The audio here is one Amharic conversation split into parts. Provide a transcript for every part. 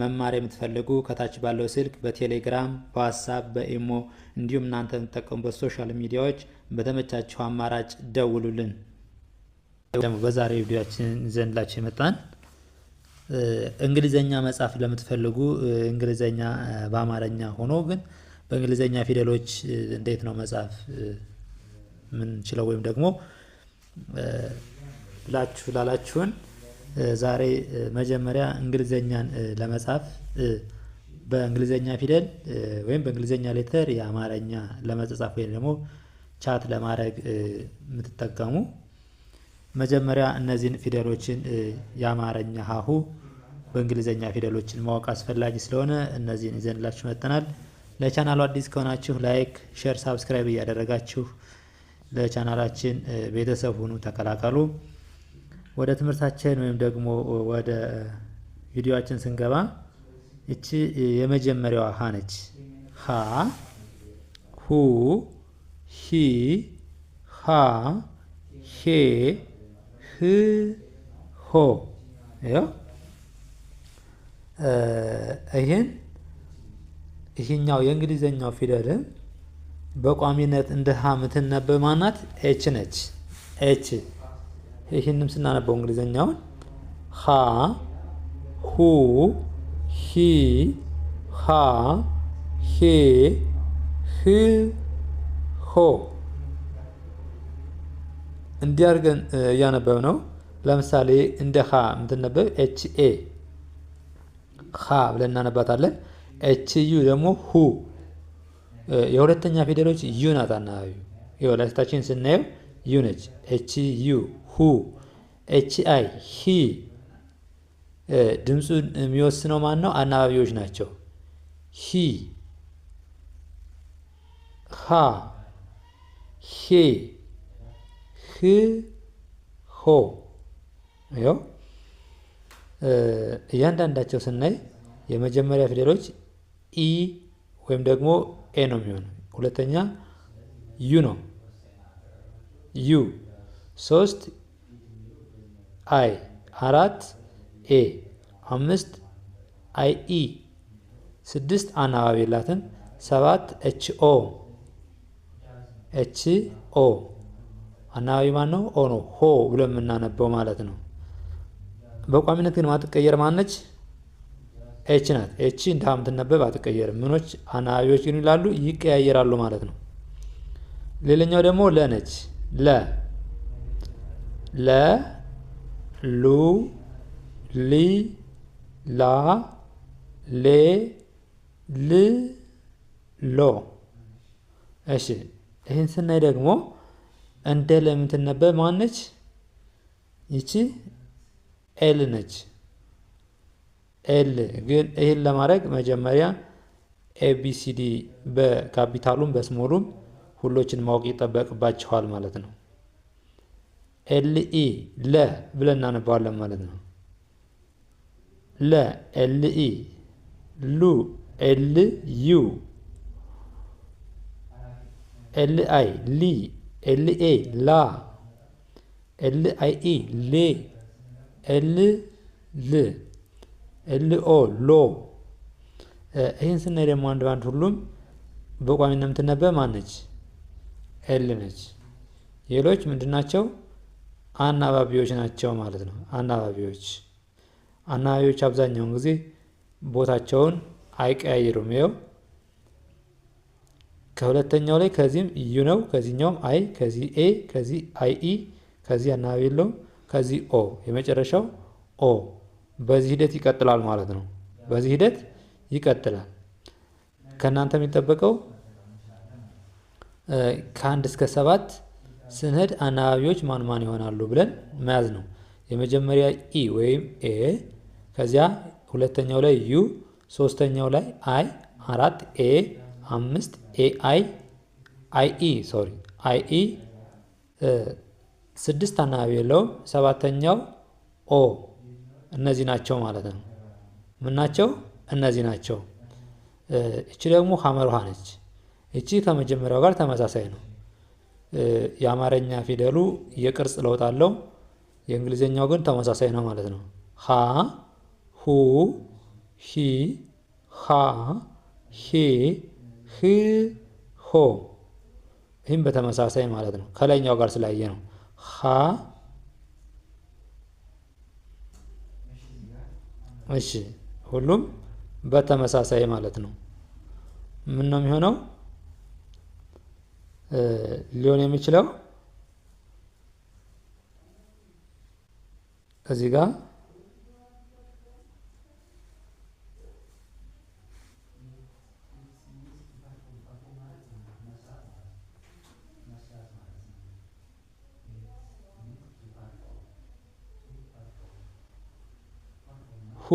መማር የምትፈልጉ ከታች ባለው ስልክ በቴሌግራም በዋትሳፕ በኢሞ እንዲሁም እናንተ የምትጠቀሙበት ሶሻል ሚዲያዎች በተመቻቸው አማራጭ ደውሉልን። ደግሞ በዛሬ ቪዲዮችን ዘንድላችሁ የመጣን እንግሊዘኛ መጽሐፍ ለምትፈልጉ እንግሊዘኛ በአማርኛ ሆኖ ግን በእንግሊዘኛ ፊደሎች እንዴት ነው መጽሐፍ ምንችለው ወይም ደግሞ ብላችሁ ላላችሁን ዛሬ መጀመሪያ እንግሊዘኛን ለመጻፍ በእንግሊዘኛ ፊደል ወይም በእንግሊዘኛ ሌተር የአማርኛ ለመጻፍ ወይም ደግሞ ቻት ለማድረግ የምትጠቀሙ መጀመሪያ እነዚህን ፊደሎችን የአማርኛ ሀሁ በእንግሊዘኛ ፊደሎችን ማወቅ አስፈላጊ ስለሆነ እነዚህን ይዘንላችሁ መጥተናል። ለቻናሉ አዲስ ከሆናችሁ ላይክ፣ ሼር፣ ሳብስክራይብ እያደረጋችሁ ለቻናላችን ቤተሰብ ሁኑ፣ ተቀላቀሉ። ወደ ትምህርታችን ወይም ደግሞ ወደ ቪዲዮአችን ስንገባ እቺ የመጀመሪያዋ ሀ ነች። ሀ ሁ ሂ ሃ ሄ ህ ሆ ይህን ይህኛው የእንግሊዘኛው ፊደልን በቋሚነት እንደ ሀ ምትነበብ ማናት? ኤች ነች። ኤች ይህንም ስናነበው እንግሊዝኛውን ሀ ሁ ሂ ሀ ሄ ህ ሆ እንዲያርገን እያነበብ ነው። ለምሳሌ እንደ ሀ የምትነበብ ኤች ኤ ሀ ብለን እናነባታለን። ኤች ዩ ደግሞ ሁ። የሁለተኛ ፊደሎች ዩ ናት አናባቢው። ይኸው ስናየው ዩ ነች። ኤች ዩ ሁ ኤች አይ ሂ ድምፁን የሚወስነው ማን ነው? አናባቢዎች ናቸው። ሂ ሃ ሄ ህ ሆ ው እያንዳንዳቸው ስናይ የመጀመሪያ ፊደሎች ኢ ወይም ደግሞ ኤ ነው የሚሆነው። ሁለተኛ ዩ ነው ዩ ሶስት አይ አራት ኤ አምስት አይ ኢ ስድስት አናባቢ ላትን ሰባት ኤች ኦ ኤች ኦ አናባቢ ማን ነው? ኦ ነው። ሆ ብሎ የምናነበው ማለት ነው። በቋሚነት ግን ማትቀየር ማነች? ኤች ናት። ኤች እንደ ምትነበብ አትቀየርም። ምኖች አናባቢዎች ግን ይላሉ ይቀያየራሉ ማለት ነው። ሌላኛው ደግሞ ለነች ለ ለ ሉ ሊ ላ ሌ ል ሎ። እሺ ይህን ስናይ ደግሞ እንደ ለምትነበብ ማነች? ይቺ ኤል ነች። ኤል ግን ይህን ለማድረግ መጀመሪያ ኤቢሲዲ በካፒታሉም በስሞሉም ሁሎችን ማወቅ ይጠበቅባችኋል ማለት ነው። ኤልኢ ለ ብለን እናነባዋለን ማለት ነው። ለ ኤልኢ ሉ ኤል ዩ ኤል አይ ሊ ኤል ኤ ላ ኤል አይ ኢ ሌ ኤል ል ኤል ኦ ሎ ይህን ስናይ ደግሞ አንድ ባንድ ሁሉም በቋሚነት የምትነበብ ማን ኤል ነች። ሌሎች ምንድን ናቸው? አናባቢዎች ናቸው ማለት ነው። አናባቢዎች አናባቢዎች አብዛኛውን ጊዜ ቦታቸውን አይቀያይሩም። ይኸው ከሁለተኛው ላይ ከዚህም ዩ ነው፣ ከዚህኛውም አይ፣ ከዚህ ኤ፣ ከዚህ አይ ኢ፣ ከዚህ አናባቢ የለውም፣ ከዚህ ኦ፣ የመጨረሻው ኦ። በዚህ ሂደት ይቀጥላል ማለት ነው። በዚህ ሂደት ይቀጥላል። ከእናንተ የሚጠበቀው ከአንድ እስከ ሰባት ስንሄድ አናባቢዎች ማን ማን ይሆናሉ ብለን መያዝ ነው። የመጀመሪያ ኢ ወይም ኤ፣ ከዚያ ሁለተኛው ላይ ዩ፣ ሶስተኛው ላይ አይ፣ አራት ኤ፣ አምስት ኤ አይ አይ ኢ ሶሪ አይ ኢ ስድስት አናባቢ የለውም። ሰባተኛው ኦ። እነዚህ ናቸው ማለት ነው። ምን ናቸው? እነዚህ ናቸው። እቺ ደግሞ ሀመር ውሃ ነች። እቺ ከመጀመሪያው ጋር ተመሳሳይ ነው። የአማርኛ ፊደሉ የቅርጽ ለውጥ አለው። የእንግሊዝኛው ግን ተመሳሳይ ነው ማለት ነው። ሀ ሁ ሂ ሃ ሄ ህ ሆ። ይህም በተመሳሳይ ማለት ነው። ከላይኛው ጋር ስላየ ነው። ሀ እሺ፣ ሁሉም በተመሳሳይ ማለት ነው። ምን ነው የሚሆነው? ሊሆን የሚችለው እዚህ ጋር ሁ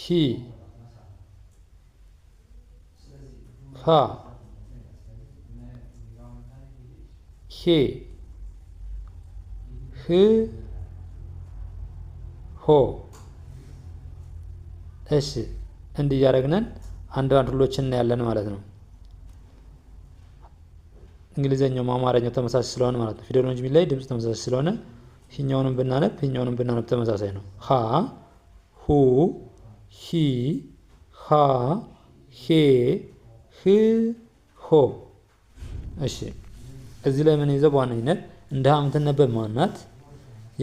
ሂ ሃ ሄ ህ ሆ እሺ እንዲህ እያደረግነን አንዳንድ ሁሎችን እናያለን ማለት ነው። እንግሊዘኛውም አማርኛው ተመሳሳይ ስለሆነ ማለት ነው። ፊደሉ እንጂ ድምፅ ተመሳሳይ ስለሆነ ሂኛውንም ብናነብ ሂኛውንም ብናነብ ተመሳሳይ ነው። ሀ ሁ ሂ ሃ ሄ ህ ሆ እሺ እዚህ ላይ ምን በዋነኝነት እንደ ሀ የምትነበብ ማናት?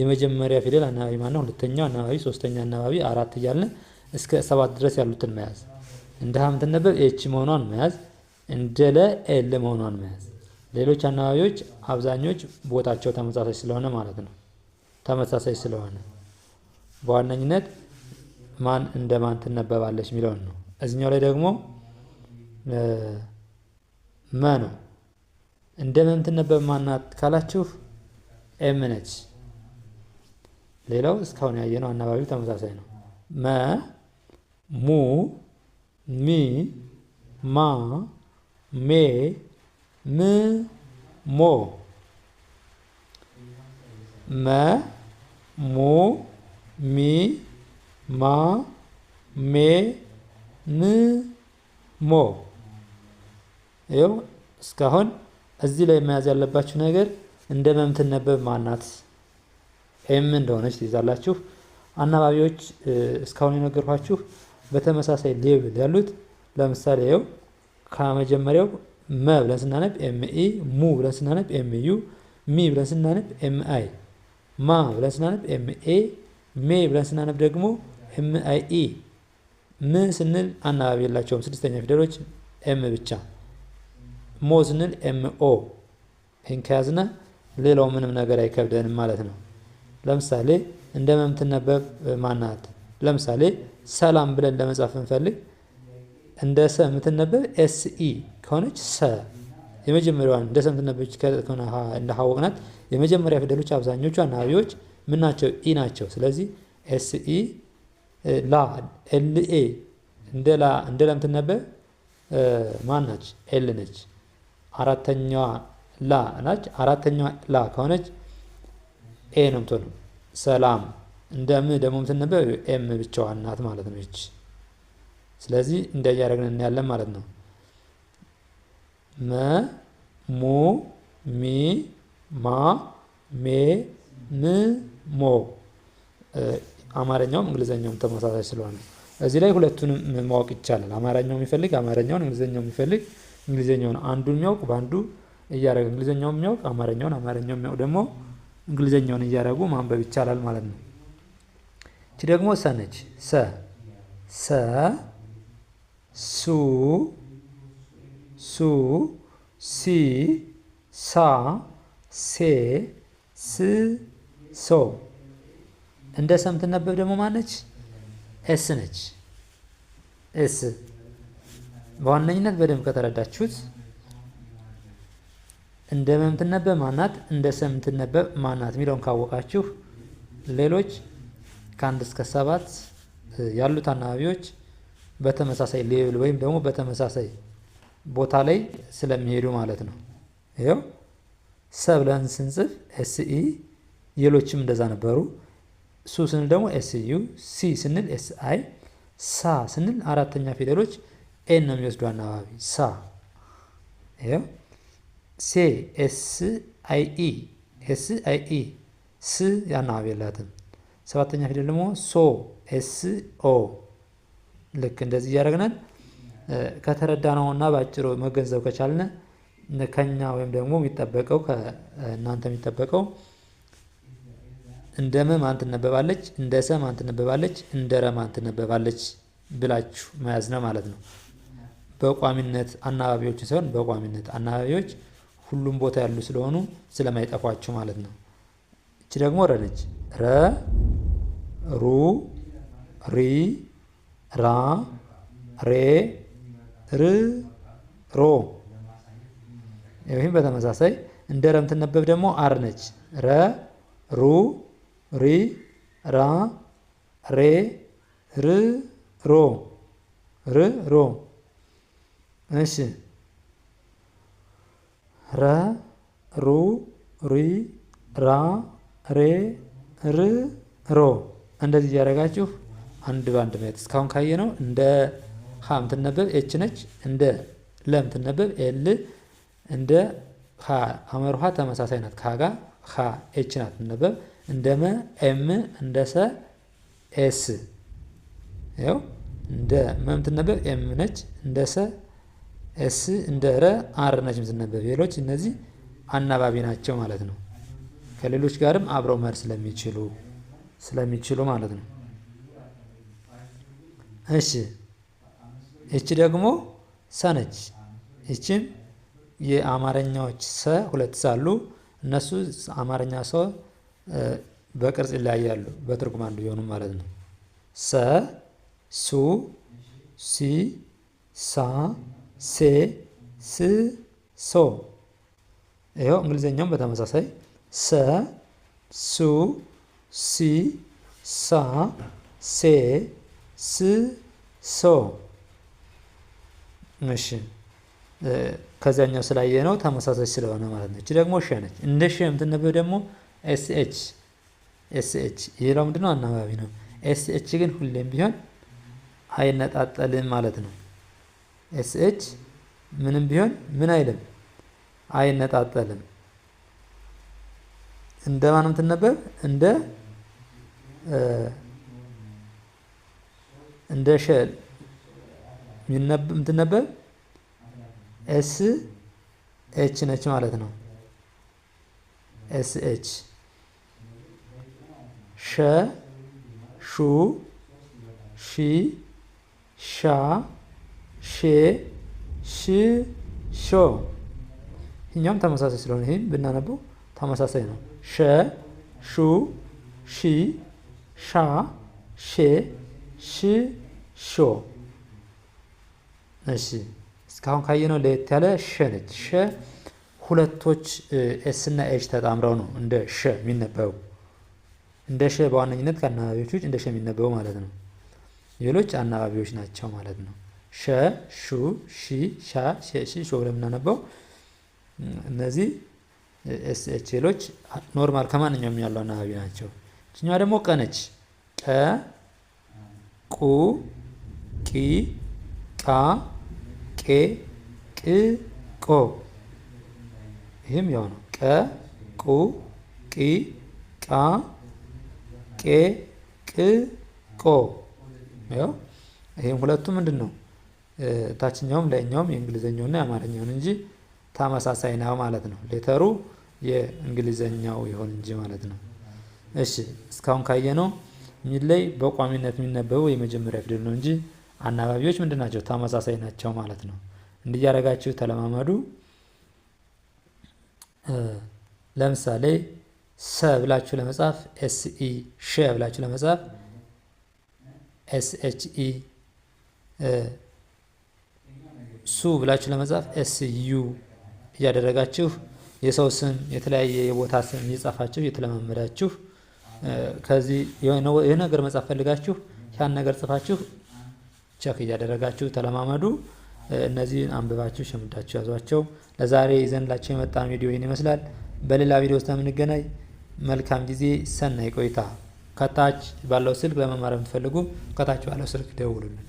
የመጀመሪያ ፊደል አናባቢ ማነው? ሁለተኛው አናባቢ፣ ሶስተኛ አናባቢ፣ አራት እያልን እስከ ሰባት ድረስ ያሉትን መያዝ። እንደ ሀ የምትነበብ ኤች መሆኗን መያዝ፣ እንደ ለ ኤል መሆኗን መያዝ። ሌሎች አናባቢዎች አብዛኞች ቦታቸው ተመሳሳይ ስለሆነ ማለት ነው። ተመሳሳይ ስለሆነ በዋነኝነት ማን እንደ ማን ትነበባለች የሚለውን ነው። እዚኛው ላይ ደግሞ መ ነው እንደምን ትነበብ ማናት ካላችሁ ኤም ሌላው እስካሁን ያየነው አናባቢው ተመሳሳይ ነው። መ ሙ ሚ ማ ሜ ም ሞ መ ሙ ሚ ማ ሜ ም ሞ ይኸው እስካሁን እዚህ ላይ መያዝ ያለባችሁ ነገር እንደ መምትነበብ ማናት ኤም እንደሆነች ትይዛላችሁ። አናባቢዎች እስካሁን የነገርኳችሁ በተመሳሳይ ሌብል ያሉት ለምሳሌ ው ከመጀመሪያው መ ብለን ስናነብ ኤም ኢ፣ ሙ ብለን ስናነብ ኤም ዩ፣ ሚ ብለን ስናነብ ኤም አይ፣ ማ ብለን ስናነብ ኤም ኤ፣ ሜ ብለን ስናነብ ደግሞ ኤም አይ ኢ። ም ስንል አናባቢ የላቸውም። ስድስተኛ ፊደሎች ኤም ብቻ ሞዝንል ኤምኦ ይህን ከያዝነ ሌላው ምንም ነገር አይከብደንም ማለት ነው። ለምሳሌ እንደ መምትነበብ ማናት ለምሳሌ ሰላም ብለን ለመጻፍ እንፈልግ እንደ ሰ የምትነበብ ኤስኢ ከሆነች ሰ የመጀመሪያዋን እንደ ሰ የምትነበብ እንደ ሀወቅናት የመጀመሪያ ፊደሎች አብዛኞቹ አናባቢዎች ምን ናቸው? ኢ ናቸው። ስለዚህ ኤስኢ ላ ኤልኤ እንደ ላ ማን ናች? ኤል ነች። አራተኛዋ ላ ናች። አራተኛዋ ላ ከሆነች ኤ ነው የምትሆነው። ሰላም እንደ ም ደግሞ ምትነበብ ኤም ብቻዋ ናት ማለት ነው። ይች ስለዚህ እንደ እያደረግን እናያለን ማለት ነው። መ ሙ ሚ ማ ሜ ም ሞ አማርኛውም እንግሊዘኛውም ተመሳሳይ ስለሆነ እዚህ ላይ ሁለቱንም ማወቅ ይቻላል። አማርኛው የሚፈልግ አማርኛውን፣ እንግሊዘኛው የሚፈልግ እንግሊዝኛውን አንዱን የሚያውቅ በአንዱ እያደረገ እንግሊዝኛውን የሚያውቅ አማርኛውን አማርኛውን የሚያውቅ ደግሞ እንግሊዝኛውን እያደረጉ ማንበብ ይቻላል ማለት ነው። እቺ ደግሞ ሰ ነች። ሰ ሰ ሱ ሱ ሲ ሳ ሴ ስ ሶ እንደ ሰምትነበብ ደግሞ ማነች? ኤስ ነች። ኤስ በዋነኝነት በደንብ ከተረዳችሁት እንደ መምትነበብ ማናት እንደ ሰምትነበብ ማናት የሚለውን ካወቃችሁ ሌሎች ከአንድ እስከ ሰባት ያሉት አናባቢዎች በተመሳሳይ ሌብል ወይም ደግሞ በተመሳሳይ ቦታ ላይ ስለሚሄዱ ማለት ነው። ይኸው ሰ ብለን ስንጽፍ ኤስኢ ሌሎችም እንደዛ ነበሩ። ሱ ስንል ደግሞ ኤስዩ፣ ሲ ስንል ኤስአይ፣ ሳ ስንል አራተኛ ፊደሎች ኤን ነው የሚወስዱ አናባቢ ሳ ይኸው ሴ ኤስ አይ ኢ ኤስ አይ ኢ ስ አናባቢ የላትም። ሰባተኛ ፊደል ደግሞ ሶ ኤስ ኦ ልክ እንደዚህ እያደረግናል። ከተረዳ ነው እና በአጭሩ መገንዘብ ከቻልን ከኛ ወይም ደግሞ የሚጠበቀው ከእናንተ የሚጠበቀው እንደ መ ማን ትነበባለች፣ እንደ ሰ ማን ትነበባለች፣ እንደ ረ ማን ትነበባለች ብላችሁ መያዝ ነው ማለት ነው። በቋሚነት አናባቢዎችን ሳይሆን በቋሚነት አናባቢዎች ሁሉም ቦታ ያሉ ስለሆኑ ስለማይጠፏቸው ማለት ነው። እቺ ደግሞ ረ ረ ሩ ሪ ራ ሬ ር ሮ። ይህም በተመሳሳይ እንደ ረ የምትነበብ ደግሞ አር ነች። ረ ሩ ሪ ራ ሬ ር ሮ ር ሮ እሺ ረ ሩ ሪ ራ ሬ ር ሮ እንደዚህ እያደረጋችሁ አንድ በአንድ ማየት። እስካሁን ካየ ነው እንደ ሀ ምትነበብ ኤች ነች። እንደ ለ ምትነበብ ኤል። እንደ ሀ አመር ውሃ ተመሳሳይ ናት። ከሀ ጋር ሀ ኤች ናት ምትነበብ። እንደ መ ኤም። እንደ ሰ ኤስ። ያው እንደ መ ምትነበብ ኤም ነች። እንደ ሰ ኤስ እንደ ረ አር ነች የምትነበብ። ሌሎች እነዚህ አናባቢ ናቸው ማለት ነው። ከሌሎች ጋርም አብረው መር ስለሚችሉ ስለሚችሉ ማለት ነው። እሺ እቺ ደግሞ ሰ ነች። እቺም የአማርኛዎች ሰ ሁለት ሳሉ እነሱ አማርኛ ሰ በቅርጽ ይለያያሉ፣ በትርጉም አንዱ ቢሆኑ ማለት ነው። ሰ ሱ ሲ ሳ ሴ ስ ሶ ይኸው እንግሊዝኛውም በተመሳሳይ ሰ ሱ ሲ ሳ ሴ ስ ሶ። እሺ ከዚያኛው ስላየ ነው ተመሳሳይ ስለሆነ ማለት ነው። እቺ ደግሞ ሸ ነች። እንደ ሸ የምትነበብ ደግሞ ኤስ ኤች ኤስ ኤች። ይሄ ምንድነው? አናባቢ ነው። ኤስ ኤች ግን ሁሌም ቢሆን አይነጣጠልም ማለት ነው። ኤስኤች ምንም ቢሆን ምን አይልም አይነጣጠልም። እንደ ማን የምትነበብ እንደ እንደ ሸ የምትነበብ ኤስ ኤች ነች ማለት ነው። ኤስ ኤች ሸ ሹ ሺ ሻ ሼ ሽ ሾ እኛም ተመሳሳይ ስለሆነ ይህን ብናነበው ተመሳሳይ ነው። ሸ ሹ ሺ ሻ ሼ ሽ ሾ። እሺ እስካሁን ካየነው ለየት ያለ ሸ ነች። ሸ ሁለቶች ኤስ እና ኤች ተጣምረው ነው እንደ ሸ የሚነበበው። እንደ ሸ በዋነኝነት ከአናባቢዎች ውጭ እንደ ሸ የሚነበበው ማለት ነው። ሌሎች አናባቢዎች ናቸው ማለት ነው። ሸ ሹ ሺ ሻ ሸሺ ሾ ብለን የምናነበው እነዚህ ኤስኤችሎች ኖርማል ከማንኛውም ያለው አናባቢ ናቸው። እችኛዋ ደግሞ ቀነች ቀ ቁ ቂ ቃ ቄ ቅ ቆ ይህም ያው ነው። ቀ ቁ ቂ ቃ ቄ ቅ ቆ ይኸው ይህም ሁለቱ ምንድን ነው? ታችኛውም ላይኛውም የእንግሊዘኛውና የአማርኛውን እንጂ ተመሳሳይ ነው ማለት ነው። ሌተሩ የእንግሊዘኛው ይሆን እንጂ ማለት ነው። እሺ እስካሁን ካየነው ሚል ላይ በቋሚነት የሚነበበው የመጀመሪያ ፊደል ነው እንጂ አናባቢዎች ምንድን ናቸው? ተመሳሳይ ናቸው ማለት ነው። እንዲያረጋችሁ ተለማመዱ። ለምሳሌ ሰ ብላችሁ ለመጻፍ ኤስኢ፣ ሸ ብላችሁ ለመጻፍ ኤስኤችኢ ሱ ብላችሁ ለመጻፍ ኤስ ዩ እያደረጋችሁ የሰው ስም የተለያየ የቦታ ስም እየጻፋችሁ እየተለማመዳችሁ ከዚህ የሆነ ነገር መጻፍ ፈልጋችሁ ያን ነገር ጽፋችሁ ቸክ እያደረጋችሁ ተለማመዱ። እነዚህን አንብባችሁ ሸምዳችሁ ያዟቸው። ለዛሬ ይዘንላችሁ የመጣን ቪዲዮ ይህን ይመስላል። በሌላ ቪዲዮ ውስጥ የምንገናኝ። መልካም ጊዜ፣ ሰናይ ቆይታ። ከታች ባለው ስልክ ለመማር የምትፈልጉ ከታች ባለው ስልክ ደውሉልን።